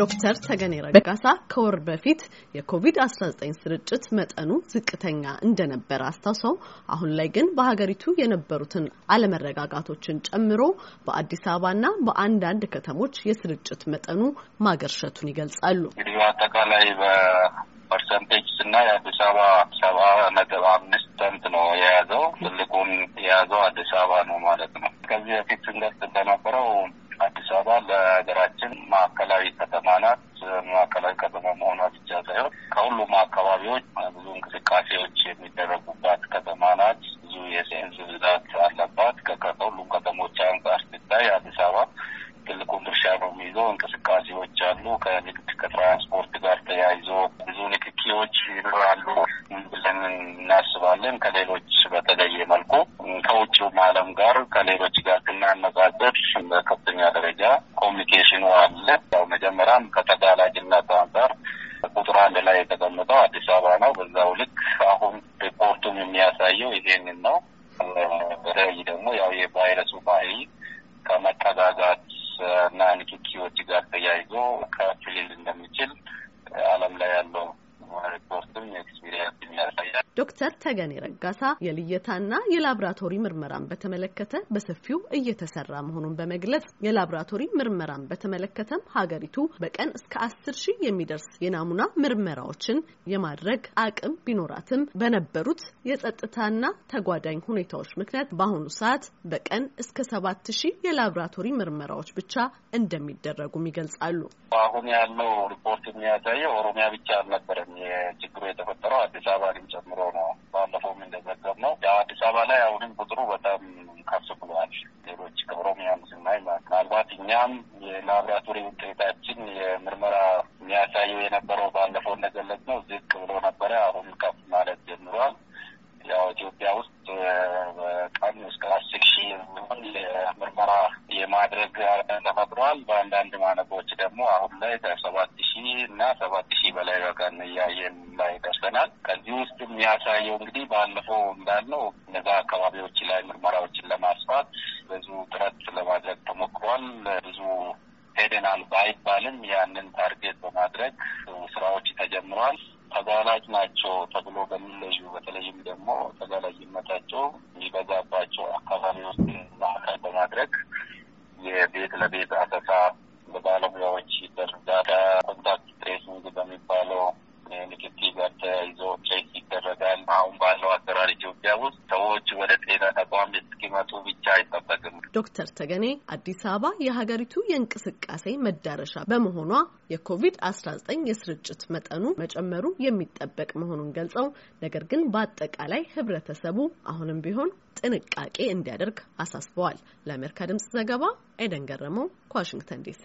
ዶክተር ተገኔ ረጋሳ ከወር በፊት የኮቪድ-19 ስርጭት መጠኑ ዝቅተኛ እንደነበረ አስታውሰው አሁን ላይ ግን በሀገሪቱ የነበሩትን አለመረጋጋቶችን ጨምሮ በአዲስ አበባና በአንዳንድ ከተሞች የስርጭት መጠኑ ማገርሸቱን ይገልጻሉ። እንግዲህ አጠቃላይ በፐርሰንቴጅ ስናይ አዲስ አበባ ሰባ ነጥብ አምስት ነው የያዘ የሚደረጉባት ከተማ ናት። ብዙ የህዝብ ብዛት አለባት። ከሁሉም ከተሞች አንጻር ሲታይ አዲስ አበባ ትልቁን ድርሻ ነው የሚይዘው። እንቅስቃሴዎች አሉ። ከንግድ ከትራንስፖርት ጋር ተያይዞ ብዙ ንክኪዎች ይኖራሉ ብለን እናስባለን። ከሌሎች በተለየ መልኩ ከውጭውም ዓለም ጋር ከሌሎች ጋር ስናነጋገር በከፍተኛ ደረጃ ኮሚኒኬሽኑ አለ። ያው መጀመሪያም ከተጋላጭነት አንጻር ቁጥር አንድ ላይ የተቀመጠው አዲስ አበባ ነው። በዛው ልክ አሁን ሪፖርቱም የሚያሳየው ይሄንን ነው። በተለይ ደግሞ ያው የቫይረሱ ባህሪ ከመጠጋጋት እና ንክኪዎች ጋር ተያይዞ ከፍ ሊል እንደሚችል ዶክተር ተገኔ ረጋሳ የልየታና የላብራቶሪ ምርመራን በተመለከተ በሰፊው እየተሰራ መሆኑን በመግለጽ የላብራቶሪ ምርመራን በተመለከተም ሀገሪቱ በቀን እስከ አስር ሺህ የሚደርስ የናሙና ምርመራዎችን የማድረግ አቅም ቢኖራትም በነበሩት የጸጥታና ተጓዳኝ ሁኔታዎች ምክንያት በአሁኑ ሰዓት በቀን እስከ ሰባት ሺህ የላብራቶሪ ምርመራዎች ብቻ እንደሚደረጉም ይገልጻሉ። አሁን ያለው ሪፖርት የሚያሳየው ኦሮሚያ ብቻ አልነበረም። የችግሩ የተፈጠረው አዲስ አበባ ስናይ ምናልባት እኛም የላብራቶሪ ውጤታችን የምርመራ የሚያሳየው የነበረው ባለፈው እንደገለጽ ነው ዝቅ ብሎ ነበረ። አሁን ከፍ ማለት ጀምሯል። ያው ኢትዮጵያ ውስጥ በቀን እስከ አስር ሺህ የሚሆን ምርመራ የማድረግ ተፈጥሯል። በአንዳንድ ማነቆች ደግሞ አሁን ላይ ከሰባት ሺህ እና ሰባት ሺህ በላይ በቀን እያየን ላይ ደርሰናል። ከዚህ ውስጥ የሚያሳየው እንግዲህ ባለፈው እንዳልነው እነዛ አካባቢዎች ላይ ምርመራዎች ያንን ታርጌት በማድረግ ስራዎች ተጀምረዋል። ተጋላጭ ናቸው ተብሎ በሚለዩ በተለይም ደግሞ ተጋላጭነታቸው የሚበዛባቸው አካባቢዎች ማዕከል በማድረግ የቤት ለቤት አሰሳ በባለሙያዎች ይደረጋል። ኮንታክት ትሬሲንግ በሚባለው ንክኪ ጋር ተያይዞ ትሬስ ይደረጋል። አሁን ባለው አሰራር ኢትዮጵያ ውስጥ ሰዎች ወደ ጤና ተቋም እንዲመጡ ብቻ አይጠበቅም። ዶክተር ተገኔ አዲስ አበባ የሀገሪቱ የእንቅስቃሴ መዳረሻ በመሆኗ የኮቪድ አስራ ዘጠኝ የስርጭት መጠኑ መጨመሩ የሚጠበቅ መሆኑን ገልጸው ነገር ግን በአጠቃላይ ህብረተሰቡ አሁንም ቢሆን ጥንቃቄ እንዲያደርግ አሳስበዋል። ለአሜሪካ ድምጽ ዘገባ ኤደን ገረመው ከዋሽንግተን ዲሲ